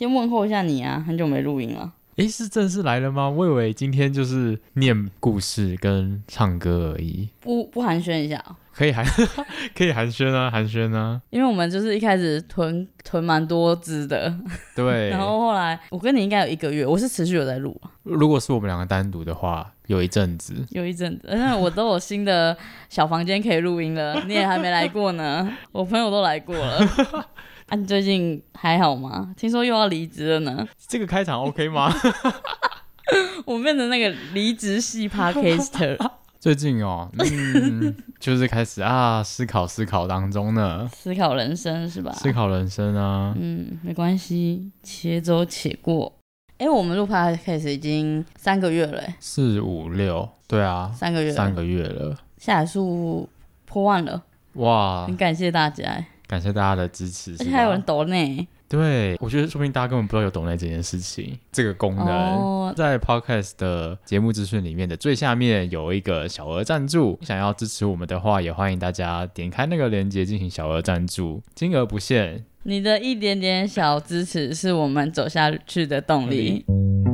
先問候一下你啊，很久沒錄音了。哎，是正式來了嗎？我以為今天就是念故事跟唱歌而已。不，不寒暄一下哦？可以寒， 可以寒暄啊， 寒暄啊。因為我們就是一開始囤囤蠻多支的。對。然後後來我跟你應該有一個月，我是持續有在錄。如果是我們兩個單獨的話，有一陣子。有一陣子，我都有新的小房間可以錄音了， 你也還沒來過呢。我朋友都來過了。 啊，你最近還好嗎？聽說又要離職了呢。這個開場 OK 嗎？ 我變成那個離職系 Podcaster。 最近哦，嗯， 就是開始啊，思考思考當中呢。思考人生是吧？思考人生啊，嗯，沒關係，且走且過。哎、欸，我們錄 Podcast 已經三個月了，四五六，對啊，三個月，三個月了，月了嗯、下載數破萬了，哇，很感謝大家。感謝大家的支持，還有人斗內呢？對，我覺得說不定大家根本不知道有斗內這件事情，這個功能、哦、在 Podcast 的節目資訊裡面的最下面有一個小額贊助，想要支持我們的話，也歡迎大家點開那個鏈接進行小額贊助，金額不限。你的一點點小支持是我們走下去的動力。嗯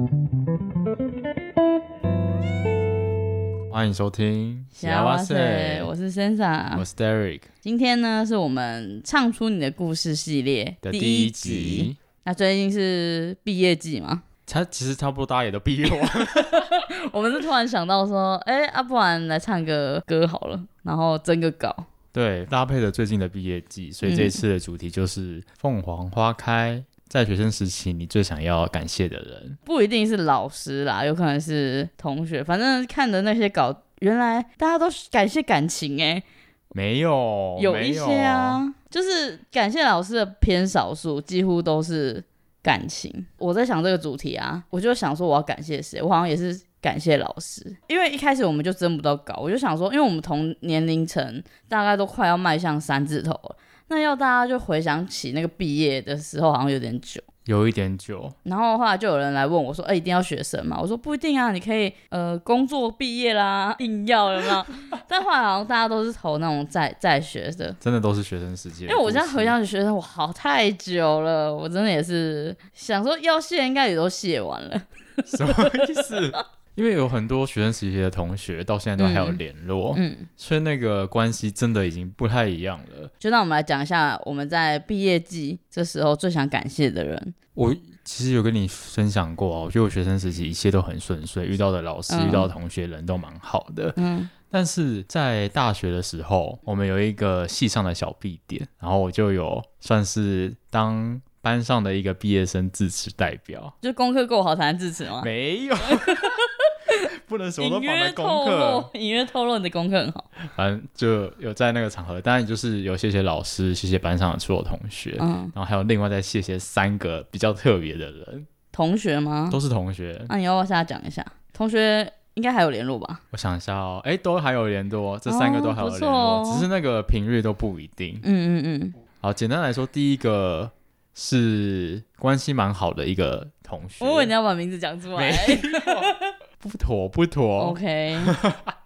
歡迎收聽，西呀哇 SAY，西呀哇 SAY，我是 Sensa，我是 Derek，今天呢是我們唱出你的故事系列第的第一集。那、啊、最近是畢業季嘛，差其實差不多，大家也都畢業了。 我們是突然想到說，哎、欸，啊，不然來唱個歌好了，然後徵個稿。對，搭配了最近的畢業季，所以這次的主題就是鳳凰花開。嗯在學生時期，你最想要感謝的人，不一定是老師啦，有可能是同學。反正看的那些稿，原來大家都感謝感情誒、欸，沒有，有一些啊，有就是感謝老師的偏少數，幾乎都是感情。我在想這個主題啊，我就想說我要感謝誰，我好像也是感謝老師，因為一開始我們就徵不到稿，我就想說，因為我們同年齡層，大概都快要邁向三字頭了。那要大家就回想起那個畢業的時候，好像有點久，有一點久。然後後來就有人來問我說：“哎、欸，一定要學生嗎？”我說：“不一定啊，你可以呃工作畢業啦，硬要了嗎？” 但後來好像大家都是投那種在在學的，真的都是學生世界。因為、欸、我現在回想起學生，我好太久了，我真的也是想說要卸應該也都卸完了，什麼意思？ 因為有很多學生時期的同學到現在都還有聯絡，嗯，嗯，所以那個關係真的已經不太一樣了。就讓我們來講一下我們在畢業季這時候最想感謝的人。我其實有跟你分享過啊，我覺得我學生時期一切都很順遂，遇到的老師、嗯、遇到的同學人都蠻好的，嗯。但是在大學的時候，我們有一個系上的小畢典，然後我就有算是當班上的一個畢業生致辭代表，就功課夠好才能致辭嗎？沒有。 不能說我都放在功課，隱約透露， 隱約透露你的功課很好。反正就有在那個場合，當然就是有謝謝老師，謝謝班上的所有同學，嗯、然後還有另外再謝謝三個比較特別的人。同學嗎？都是同學。那、啊、你要不要現講一下？同學應該還有聯絡吧？我想一下哦，哎，都還有聯絡，這三個都還有聯絡，哦哦、只是那個頻率都不一定。嗯嗯嗯。好，簡單來說，第一個是關係蠻好的一個同學。我問你要把名字講出來。 不妥不妥，OK。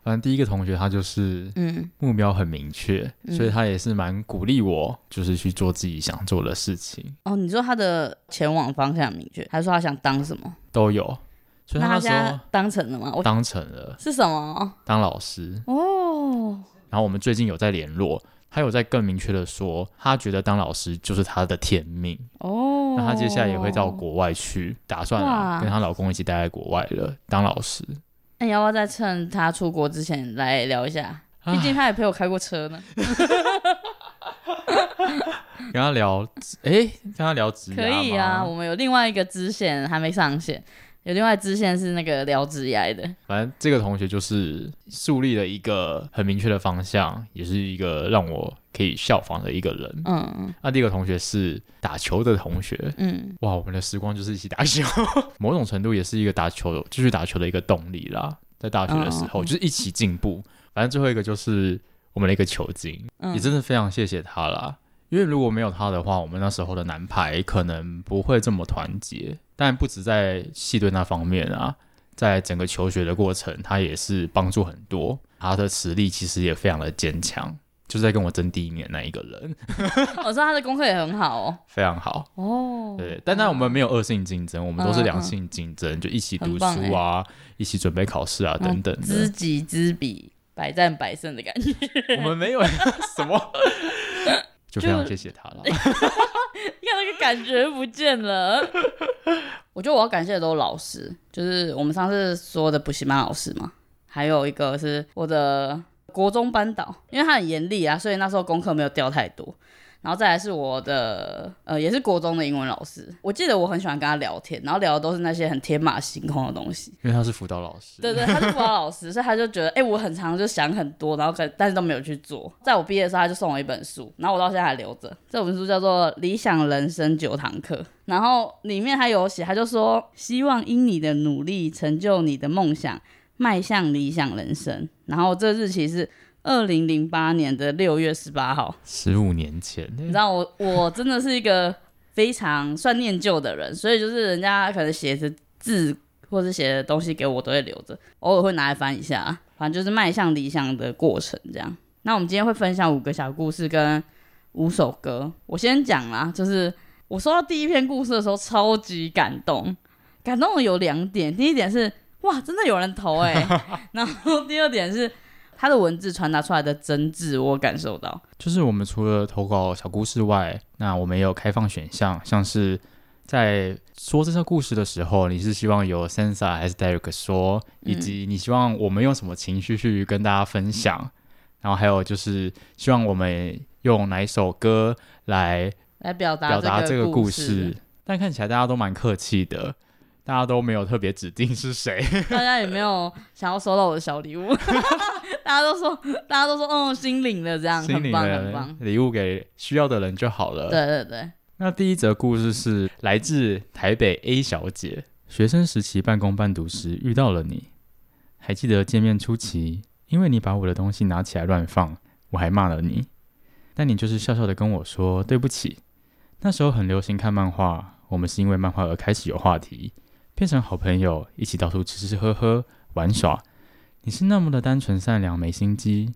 反正第一個同學他就是，嗯，目標很明確，嗯、所以他也是蠻鼓勵我，就是去做自己想做的事情、嗯。哦，你說他的前往方向明確，還是說他想當什麼、嗯、都有，所以他說當成了嗎？當成了。是什麼？當老師哦。然後我們最近有在聯絡。還有在更明確的說，她覺得當老師就是她的天命哦。那她接下來也會到國外去，打算、啊、跟她老公一起待在國外了哇當老師。那、欸、要不要再趁她出國之前來聊一下？畢、啊、竟她也陪我開過車呢。 跟他聊，哎，跟他聊支線？可以啊。我們有另外一個支線還沒上線。有另外支線是那個聊職業的，反正這個同學就是樹立了一個很明確的方向，也是一個讓我可以效仿的一個人。嗯嗯，啊，第一個同學是打球的同學。嗯，哇，我們的時光就是一起打球， 某種程度也是一個打球繼續打球的一個動力啦。在大學的時候、嗯、就是一起進步，反正最後一個就是我們的一個球經，嗯、也真的非常謝謝他啦。因為如果沒有他的話，我們那時候的男排可能不會這麼團結。但不止在系隊那方面啊，在整個求學的過程，他也是幫助很多。他的實力其實也非常的堅強，就是在跟我爭第一名那一個人。 我說他的功課也很好，哦，非常好哦。對，但那我們沒有惡性競爭，我們都是良性競爭，嗯嗯，就一起讀書啊，欸、一起準備考試啊，嗯、等等。知己知彼，百戰百勝的感覺。 我們沒有什麼。 就這樣謝謝他了，要那個感覺不見了。 我覺得我要感謝的都是老師，就是我們上次說的補習班老師嘛，還有一個是我的國中班導，因為他很嚴厲啊，所以那時候功課沒有掉太多。然後再來是我的呃，也是國中的英文老師，我記得我很喜歡跟他聊天，然後聊的都是那些很天馬行空的東西。因為他是輔導老師。 對對，他是輔導老師，所以他就覺得，哎、欸，我很常就想很多，然後可但是都沒有去做。在我畢業的時候，他就送我一本書，然後我到現在還留着。這本書叫做《理想人生九堂課》，然後裡面他有寫，他就說希望因你的努力成就你的夢想，邁向理想人生。然後這日期是。二零零八年的六月十八號，十五年前。你知道我， 我真的是一個非常算念舊的人，所以就是人家可能寫着字或是寫的東西給我，都會留着，偶爾會拿來翻一下。反正就是邁向理想的過程這樣。那我們今天會分享五個小故事跟五首歌。我先講啦，就是我收到第一篇故事的時候，超級感動。感動有兩點，第一點是哇，真的有人投哎、欸， 然後第二點是。他的文字傳達出來的真摯，我感受到。就是我們除了投稿小故事外，那我們也有開放選項，像是在說這些故事的時候，你是希望有 Sensa 還是 Derek 說，嗯、以及你希望我們用什麼情緒去跟大家分享，嗯、然後還有就是希望我們用哪一首歌來來表達表達這個故事。故事但看起來大家都蠻客氣的，大家都沒有特別指定是誰，大家也沒有想要收到我的小禮物。 大家都說，大家都說，哦，心領了，這樣心領了，很棒，很棒，禮物給需要的人就好了。對對對。那第一則故事是來自台北 A 小姐，學生時期半工半讀時遇到了你，還記得見面初期，因為你把我的東西拿起來亂放，我還罵了你，但你就是笑笑的跟我說對不起。那時候很流行看漫畫，我們是因為漫畫而開始有話題，變成好朋友，一起到處吃吃喝喝玩耍。你是那麼的單純善良，沒心機，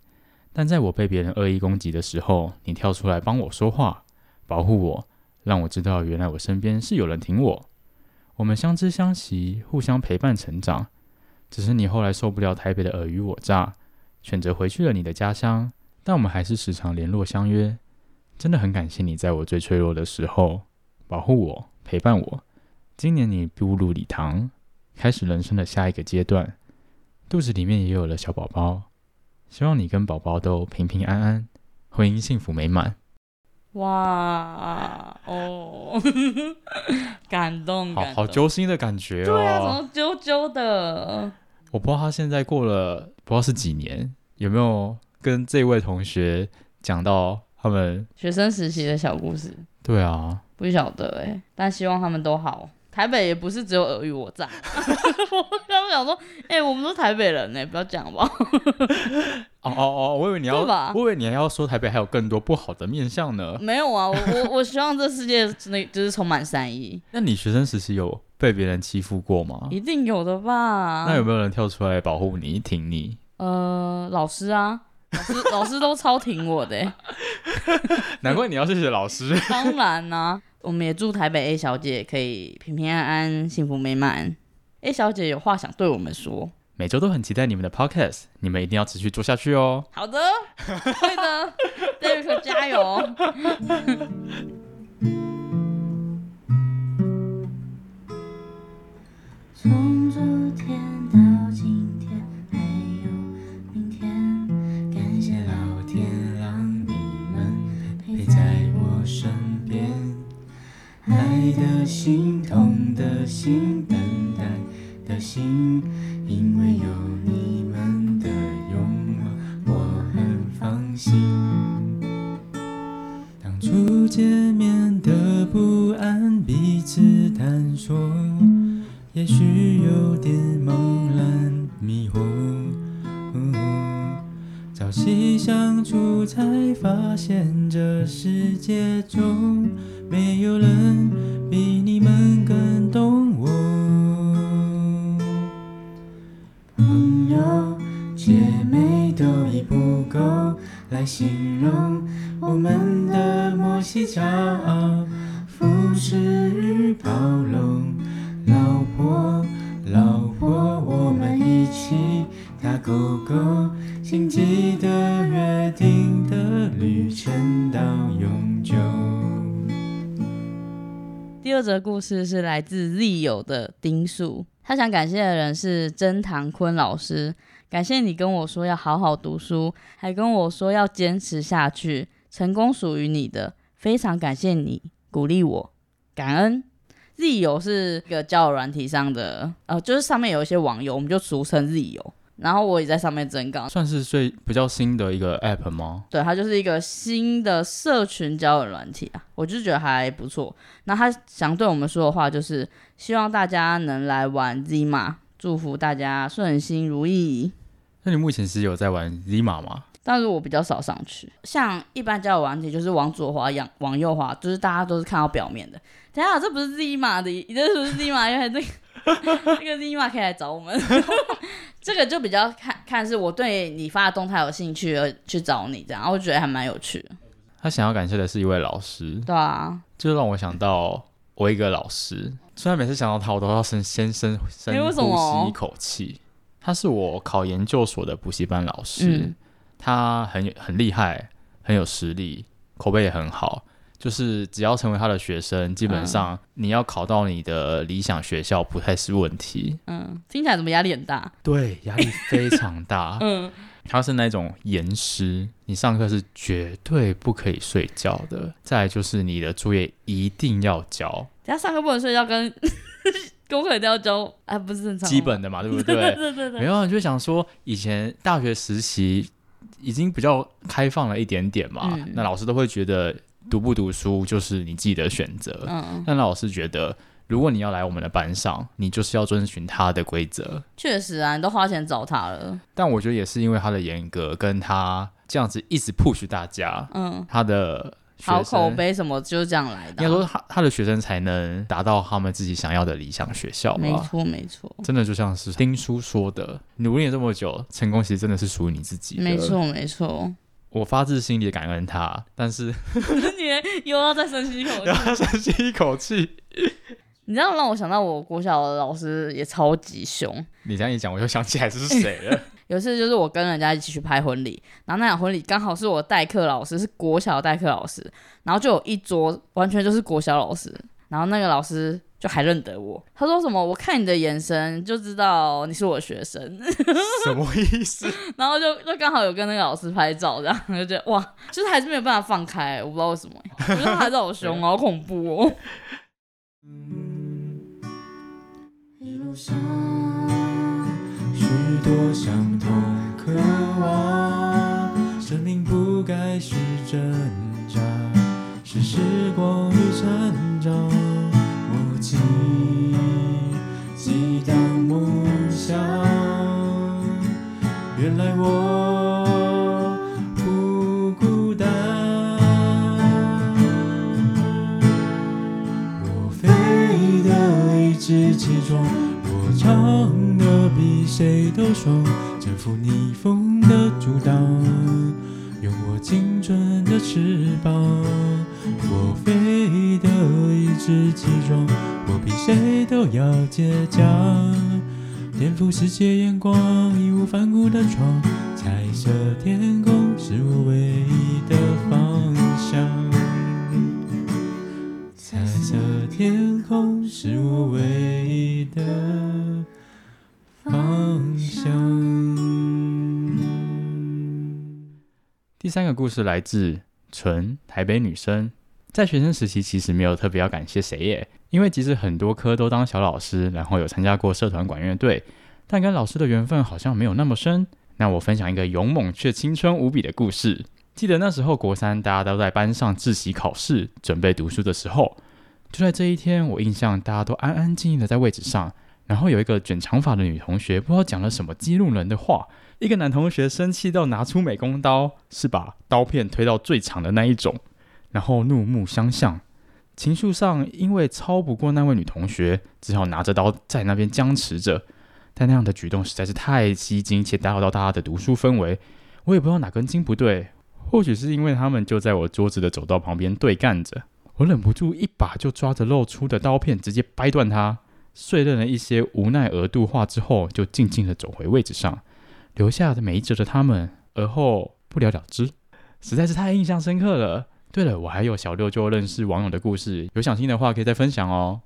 但在我被別人惡意攻擊的時候，你跳出來幫我說話，保護我，讓我知道原來我身邊是有人挺我。我們相知相惜，互相陪伴成長。只是你後來受不了台北的爾虞我詐，選擇回去了你的家鄉。但我們還是時常聯絡相約。真的很感謝你在我最脆弱的時候保護我、陪伴我。今年你步入禮堂，開始人生的下一個階段。肚子裡面也有了小寶寶，希望你跟寶寶都平平安安，婚姻幸福美滿。哇哦， 感動，好，好揪心的感覺哦。對啊，怎麼揪揪的？我不知道他現在過了不知道是幾年，有沒有跟這位同學講到他們學生時期的小故事？對啊，不曉得誒、欸、但希望他們都好。台北也不是只有爾虞我詐， 我剛想說，哎、欸，我們都是台北人呢，欸，不要講吧。 哦哦哦，我以為你要，吧我以為你還要說台北還有更多不好的面向呢。沒有啊，我我希望這世界真的就是充滿善意。 那你學生時期有被別人欺負過嗎？一定有的吧。那有沒有人跳出來保護你、挺你？呃，老師啊，老師老師都超挺我的，欸。 難怪你要謝謝老師。 當然啦，啊。我們也祝台北 A 小姐可以平平安安、幸福美滿。A 小姐有話想對我們說，每周都很期待你們的 Podcast，你們一定要持續做下去哦。好的，會 的。對，說加油！ 從昨天到今天，還有明天，感謝老天讓你們陪在我身邊。愛的心，痛的心。第二則故事是來自 Z 友的丁樹，他想感謝的人是曾唐坤老師，感謝你跟我說要好好讀書，還跟我說要堅持下去，成功屬於你的，非常感謝你鼓勵我，感恩。Z 友是一個交友軟體上的，呃，就是上面有一些網友，我們就俗稱 Z 友。然後我也在上面增剛，算是最比較新的一個 app 嗎？對，它就是一個新的社群交友軟體啊，我就覺得還不錯。那它想對我們說的話就是，希望大家能來玩 Zima，祝福大家順心如意。那你目前是有在玩 Zima 嗎？但是我比較少上去，像一般交友軟體就是往左滑、往往右滑，就是大家都是看到表面的。等一下，這不是 Zima 的，你這是不是 Zima？ 因為這、那個， 那個 Zima 可以來找我們。 這個就比較看看是我對你發的動態有興趣，而去找你這樣，我覺得還蠻有趣的。他想要感謝的是一位老師，對啊，就讓我想到我一個老師，雖然每次想到他，我都要先、先、先深呼吸一口氣。他是我考研究所的補習班老師，嗯、他很很厲害，很有實力，口碑也很好。就是只要成為他的學生，基本上你要考到你的理想學校不太是問題。嗯，聽起來怎麼壓力很大？對，壓力非常大。 嗯，他是那種嚴師，你上課是絕對不可以睡覺的。再就是你的作業一定要交。人家上課不能睡覺跟， 跟功課一定要交啊，不是正常基本的嘛，對不對？ 對，對對對，沒有啊，你就想說以前大學時期已經比較開放了一點點嘛，嗯、那老師都會覺得，讀不讀書就是你自己的選擇。嗯，但老師覺得，如果你要來我們的班上，你就是要遵循他的規則。確實啊，你都花錢找他了。但我覺得也是因為他的嚴格，跟他這樣子一直 push 大家，嗯，他的好口碑什麼，就是這樣來的。要說他他，的學生才能達到他們自己想要的理想學校吧。沒，沒錯沒錯。真的就像是丁叔說的，努力了這麼久，成功其實真的是屬於你自己的。沒。沒錯沒錯。我發自心裡的感恩他，但是你 又要再深吸一口氣，又要深吸一口氣。你這樣讓我想到我國小的老師也超級凶。你這樣一講，我又想起來這是誰了？ 有一次就是我跟人家一起去拍婚禮，然後那場婚禮剛好是我的代課老師，是國小的代課老師，然後就有一桌完全就是國小老師，然後那個老師。就還認得我，他說什麼？我看你的眼神就知道你是我的學生， 什麼意思？ 然後就就剛好有跟那個老師拍照，這樣就覺得哇，就是還是沒有辦法放開、欸，我不知道為什麼、欸， 我覺得他還是好兇， 好恐怖哦。 天空是我唯一的方向。方向。第三個故事來自純台北女生，在學生時期其實沒有特別要感謝誰耶，因為即使很多科都當小老師，然後有參加過社團管樂隊，但跟老師的緣分好像沒有那麼深。那我分享一個勇猛卻青春無比的故事。記得那時候國三大家都在班上自習考試，準備讀書的時候。就在這一天，我印象大家都安安靜靜的在位置上，然後有一個捲長髮的女同學不知道講了什麼激怒人的話，一個男同學生氣到拿出美工刀，是把刀片推到最長的那一種，然後怒目相向。情緒上因為吵不過那位女同學，只好拿着刀在那邊僵持着，但那樣的舉動實在是太吸睛且打擾到大家的讀書氛圍，我也不知道哪根筋不對，或許是因為他們就在我桌子的走道旁邊對幹着。我忍不住一把就抓着露出的刀片，直接掰斷它，碎裂了一些無奈額度話之後，就靜靜的走回位置上，留下的每一轍的他們，而後不了了之，實在是太印象深刻了。對了，我還有小六就認識網友的故事，有想聽的話可以再分享哦。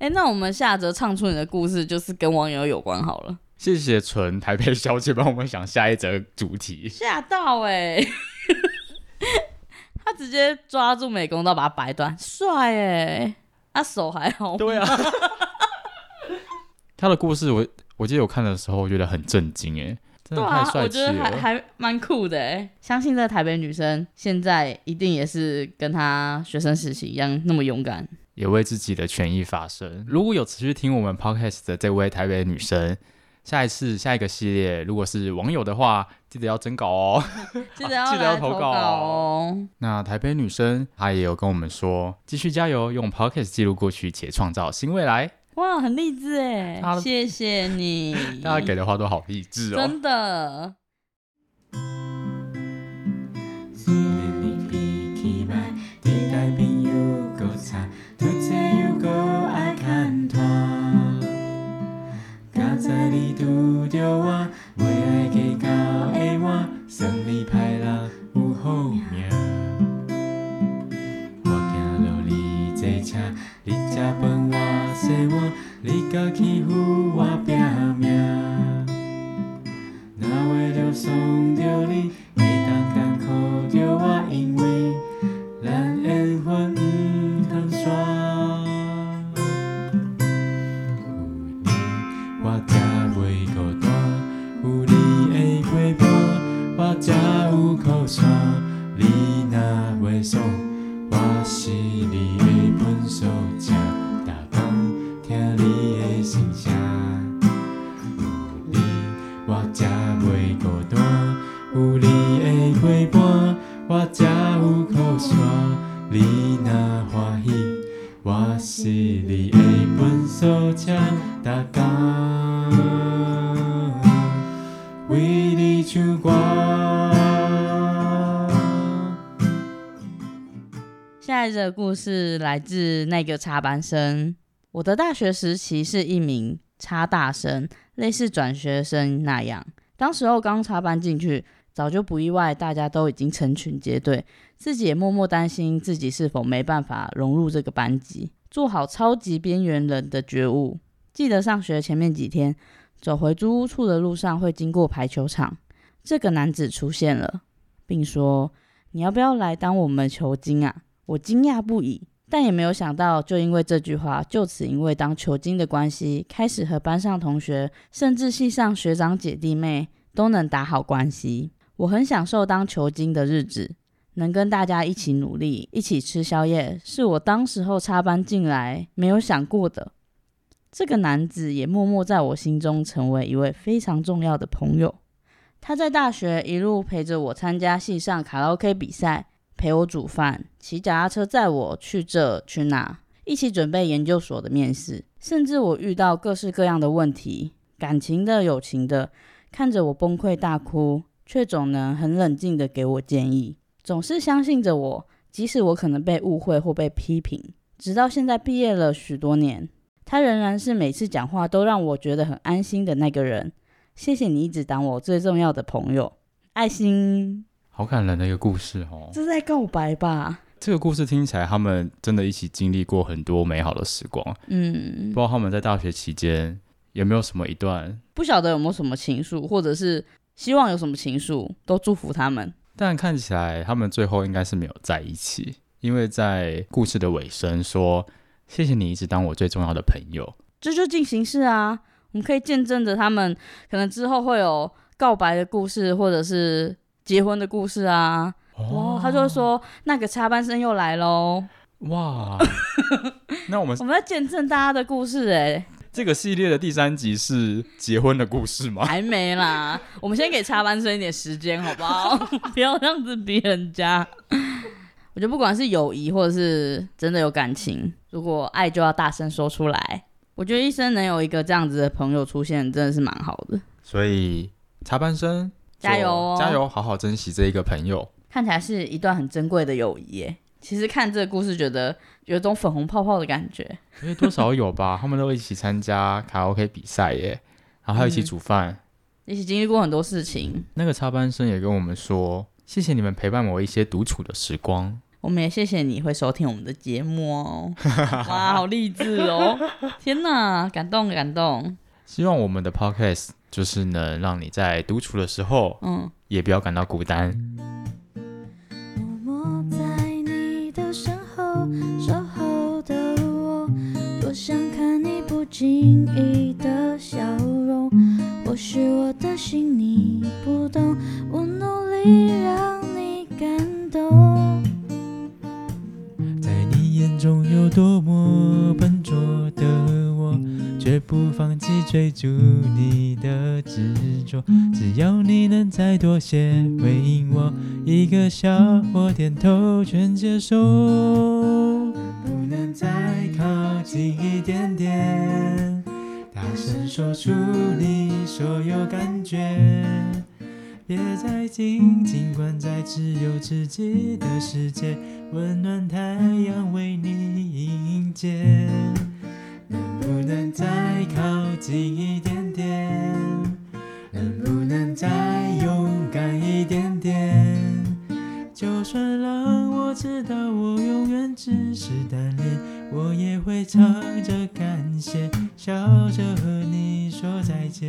哎、欸，那我們下則唱出你的故事，就是跟網友有關好了。謝謝純台北小姐幫我們想下一則主題。嚇到哎、欸！ 他直接抓住美工刀，把它掰斷，帥哎！他手還好。對啊。 他的故事我，我我記得我看的時候，我覺得很震驚哎，真的太帥氣了，啊、我覺得還還蠻酷的哎。相信在台北女生現在一定也是跟他學生時期一樣那麼勇敢，也為自己的權益發聲。如果有持續聽我們 Podcast 的這位台北女生。下一次，下一個系列，如果是網友的話，記得要徵稿哦，記得要、 啊、記得要投稿哦。那台北女生她也有跟我們說，繼續加油，用 podcast 記錄過去且創造新未來。哇，很勵志哎，她謝謝你，大家給的話都好勵志哦，真的。着我，袂使計較的我，算你歹人有好命。我走路你坐車，你食飯我洗碗，你敢欺負我拼命，哪會丟送着你？來自那個插班生，我的大學時期是一名插大生，類似轉學生那樣。當時候剛插班進去，早就不意外，大家都已經成群結隊，自己也默默擔心自己是否沒辦法融入這個班級，做好超級邊緣人的覺悟。記得上學前面幾天，走回租屋處的路上會經過排球場，這個男子出現了，並說：“你要不要來當我們球經啊？”我驚訝不已。但也沒有想到，就因為這句話，就此因為當球經的關係，開始和班上同學，甚至系上學長姐弟妹都能打好關係。我很享受當球經的日子，能跟大家一起努力，一起吃宵夜，是我當時候插班進來沒有想過的。這個男子也默默在我心中成為一位非常重要的朋友。他在大學一路陪着我參加系上卡拉 OK 比賽。陪我煮飯，騎腳踏車載我去這去那，一起準備研究所的面試，甚至我遇到各式各樣的問題，感情的、友情的，看着我崩潰大哭，卻總能很冷靜的給我建議，總是相信着我，即使我可能被誤會或被批評，直到現在畢業了許多年，他仍然是每次講話都讓我覺得很安心的那個人。謝謝你一直當我最重要的朋友，愛心。好感人的一個故事哦，這是在告白吧？這個故事聽起來，他們真的一起經歷過很多美好的時光。嗯，不知道他們在大學期間有沒有什麼一段，不曉得有沒有什麼情愫，或者是希望有什麼情愫，都祝福他們。但看起來他們最後應該是沒有在一起，因為在故事的尾聲說：“謝謝你一直當我最重要的朋友。”這就進行式啊，我們可以見證着他們可能之後會有告白的故事，或者是。結婚的故事啊，哦，他就說那個插班生又來嘍，哇！ 那我們我們在見證大家的故事哎、欸。這個系列的第三集是結婚的故事嗎？還沒啦，我們先給插班生一點時間好不好？ 不要這樣子逼人家。 我覺得不管是友誼或者是真的有感情，如果愛就要大聲說出來。我覺得一生能有一個這樣子的朋友出現，真的是蠻好的。所以插班生。加油，加油！好好珍惜這一個朋友，看起來是一段很珍貴的友誼耶。其實看這個故事，覺得有種粉紅泡泡的感覺。因為多少有吧， 他們都一起參加卡拉 OK 比賽，耶，然後一起煮飯、嗯，一起經歷過很多事情。那個插班生也跟我們說：“謝謝你們陪伴我一些獨處的時光。”我們也謝謝你會收聽我們的節目哦。 哇，好勵志哦！ 天哪，感動，感動。希望我們的 podcast 就是能讓你在獨處的時候，嗯，也不要感到孤單。默默在你的身後，守候的我，多想看你，不經意。唱着感謝，笑着和你說再見。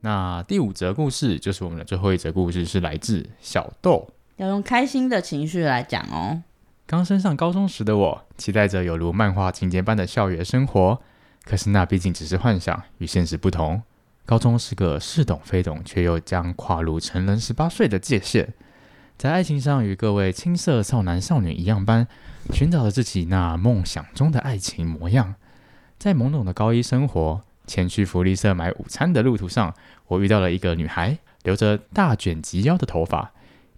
那第五則故事就是我們的最後一則故事，是來自小豆。要用開心的情緒來講哦。剛升上高中時的我，期待着有如漫畫情節般的校園生活，可是那畢竟只是幻想，與現實不同。高中是個似懂非懂，卻又將跨入成人十八歲的界限。在愛情上，與各位青澀少男少女一樣般，尋找着自己那夢想中的愛情模樣。在懵懂的高一生活，前去福利社買午餐的路途上，我遇到了一個女孩，留着大卷及腰的頭髮，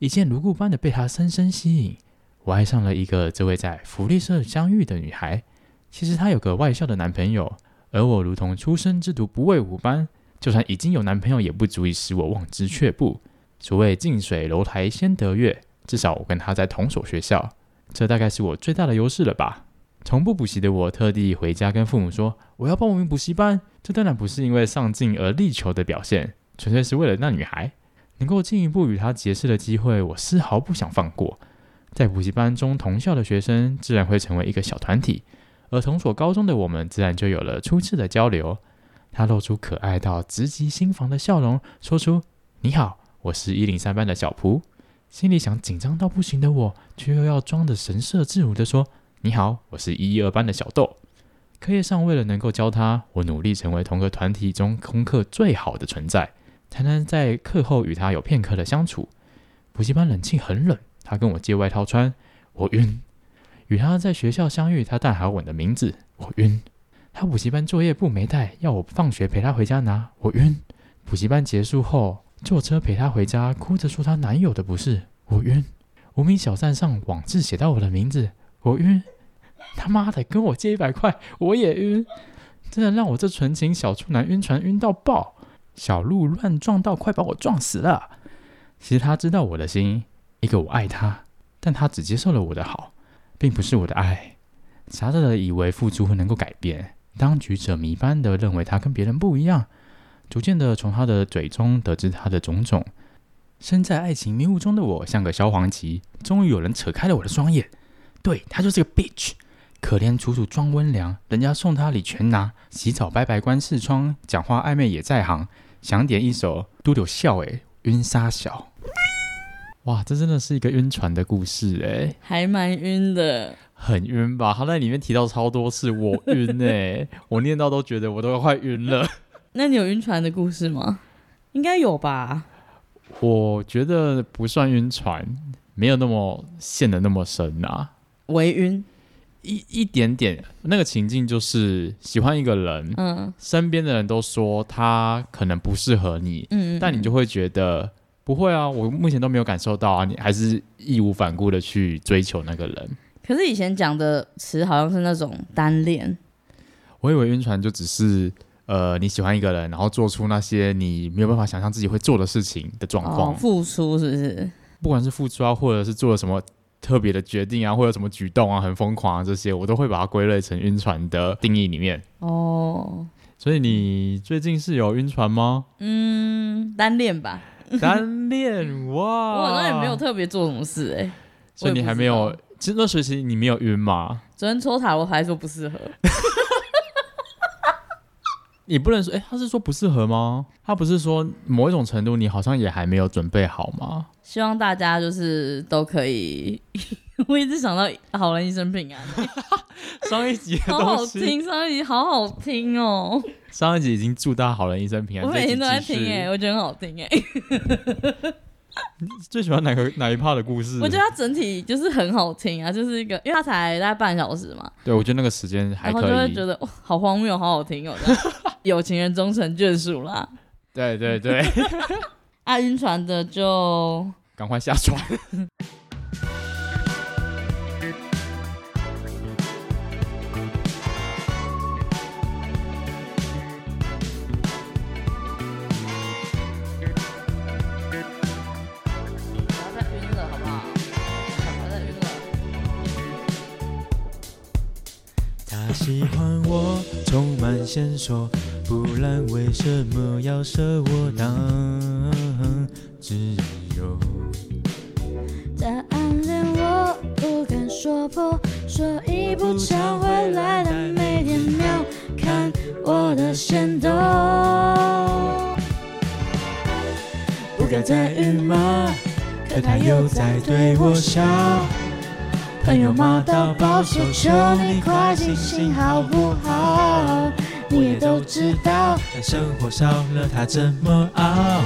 一見如故般的被她深深吸引。我愛上了一個這位在福利社相遇的女孩。其實她有個外校的男朋友，而我如同初生之犢不畏虎般，就算已經有男朋友，也不足以使我望之卻步。所謂近水樓台先得月，至少我跟他在同所學校，這大概是我最大的優勢了吧。從不補習的我，特地回家跟父母說我要報名補習班。這當然不是因為上進而力求的表現，純粹是為了那女孩能夠進一步與她結識的機會，我絲毫不想放過。在補習班中，同校的學生自然會成為一個小團體，而同所高中的我們自然就有了初次的交流。她露出可愛到直擊心房的笑容，說出：“你好。”我是一零三班的小蒲，心裡想緊張到不行的我，卻又要裝得神色自如地說：“你好，我是一一二班的小豆。”課業上為了能夠教他，我努力成為同個團體中功課最好的存在，才能在課後與他有片刻的相處。補習班冷氣很冷，他跟我借外套穿，我暈。與他在學校相遇，他帶好我的名字，我暈。他補習班作業簿沒帶，要我放學陪他回家拿，我暈。補習班結束後，坐車陪她回家，哭着說她男友的不是，我暈。無名小站上網誌寫到我的名字，我暈。他媽的，跟我借一百塊，我也暈。真的讓我這純情小處男暈船暈到爆，小鹿亂撞到快把我撞死了。其實他知道我的心，一個我愛他，但他只接受了我的好，並不是我的愛。傻傻的以為付出會能夠改變，當局者迷般的認為他跟別人不一樣。逐漸的從他的嘴中得知他的種種，身在愛情迷霧中的我像個蕭煌奇，終於有人扯開了我的雙眼。對他就是個 bitch，可憐楚楚裝溫良，人家送他禮全拿，洗澡白白關視窗，講話曖昧也在行。想點一首嘟嘟笑哎，暈沙小。哇，這真的是一個暈船的故事哎，還蠻暈的，很暈吧？他在裡面提到超多次，我暈哎， 我念到都覺得我都快暈了。那你有暈船的故事嗎？應該有吧。我覺得不算暈船，沒有那麼陷得那麼深啊。微暈，一一點點。那個情境就是喜歡一個人，嗯，身邊的人都說他可能不適合你，嗯，嗯，嗯，但你就會覺得不會啊，我目前都沒有感受到啊，你還是義無反顧地去追求那個人。可是以前講的詞好像是那種單戀。我以為暈船就只是。呃，你喜歡一個人，然後做出那些你沒有辦法想象自己會做的事情的狀況，哦、付出是不是？不管是付出啊，或者是做了什麼特別的決定啊，或者什麼舉動啊，很瘋狂啊，這些我都會把它歸類成暈船的定義裡面。哦，所以你最近是有暈船嗎？嗯，單戀吧。 單戀哇！我好像也沒有特別做什麼事哎、欸，所以你還沒有？其實這學期你沒有暈嗎？昨天抽塔我還說不適合。 也不能說，哎、欸，他是說不適合嗎？他不是說某一種程度你好像也還沒有準備好嗎？希望大家就是都可以。我一直想到好人一生平安、欸， 上一集好好聽，上一集好好聽哦、喔。上一集已經祝大家好人一生平安。我每天都在聽、欸，哎、欸，我覺得很好聽、欸，哎。 你最喜歡哪個哪一 part 的故事？我覺得它整體就是很好聽啊，就是一個，因為它才大概半小時嘛。對我覺得那個時間還可以。然後就會覺得好荒謬，好好聽哦。 有情人終成眷屬啦！對對對，愛暈船的就趕快下船。好不好？他喜歡我，充滿線索。不然為什麼要捨我當自由？他暗戀我不敢說破，所以不常回來。他每天秒看我的行動，不該在意嗎？可他又在對我笑。朋友罵到爆，求求你快清醒好不好？都知道在生活少了他怎麼熬，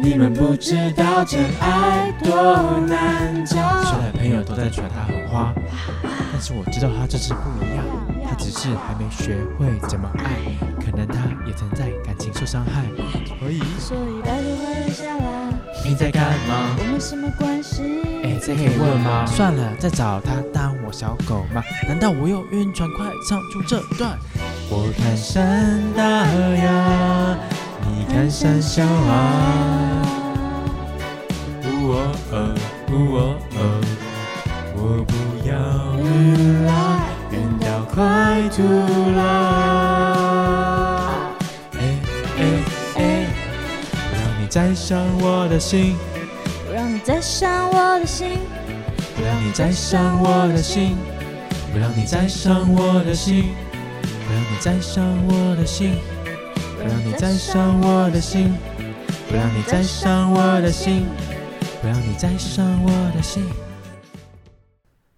你們不知道這愛多難教。雖然朋友都在傳他很花，但是我知道他這次不一樣，他只是還沒學會怎麼愛你那他也曾在感情受傷害，所以所以把手放下來。你在幹嘛，欸？我們什麼關係？在黑我嗎？算了，再找他當我小狗嗎？難道我又暈船？快唱出這段。哦、我看山大呀，你看山小啊。嗚哦哦，嗚、呃、哦、呃、哦、呃，我不要暈啦，暈到快吐啦。不讓你再傷我的心，不讓你再傷我的心，不讓你再傷我的心，不讓你再傷我的心，不讓你再傷我的心，不讓你再傷我的心，不讓你再傷我的心。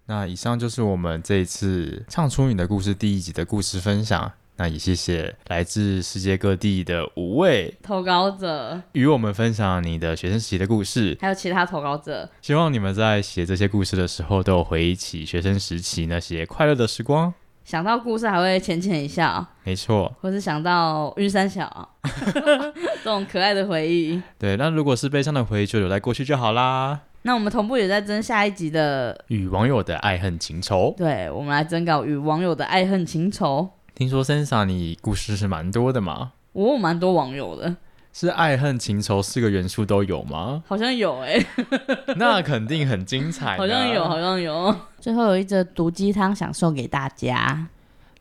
那以上就是我們這一次唱出你的故事第一集的故事分享。那也謝謝來自世界各地的五位投稿者，與我們分享你的學生時期的故事，還有其他投稿者。希望你們在寫這些故事的時候，都有回憶起學生時期那些快樂的時光。想到故事還會淺淺一笑，沒錯錯。或是想到玉山小， 這種可愛的回憶。 對，那如果是悲傷的回憶，就留在過去就好啦。那我們同步也在徵下一集的與網友的愛恨情仇。對，我們來徵稿與網友的愛恨情仇。聽說 Senza 你故事是蠻多的嘛？我有蠻多網友的，是愛恨情仇四個元素都有嗎？好像有誒、欸， 那肯定很精彩。好像有，好像有，最後有一隻毒雞湯想送給大家：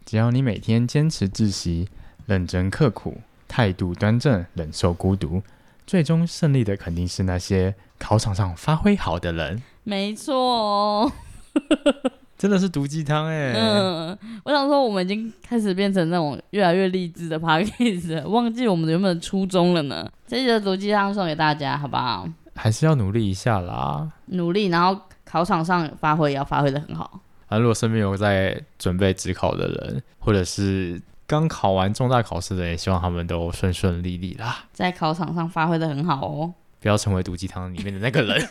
只要你每天堅持自習，認真刻苦，態度端正，忍受孤獨，最終勝利的肯定是那些考場上發揮好的人。沒錯錯哦。 真的是毒雞湯哎！嗯，我想說，我們已經開始變成那種越來越勵志的 podcast 了，忘記我們原本初衷了呢。這集毒雞湯送給大家，好不好？還是要努力一下啦。努力，然後考場上發揮也要發揮的很好。啊，如果身邊有在準備指考的人，或者是剛考完重大考試的人，也希望他們都順順利利啦，在考場上發揮的很好哦。不要成為毒雞湯裡面的那個人。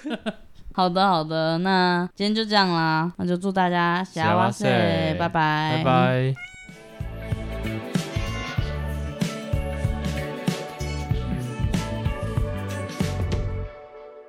好的，好的，那今天就這樣啦，那就祝大家西呀哇 SAY，拜拜，拜拜。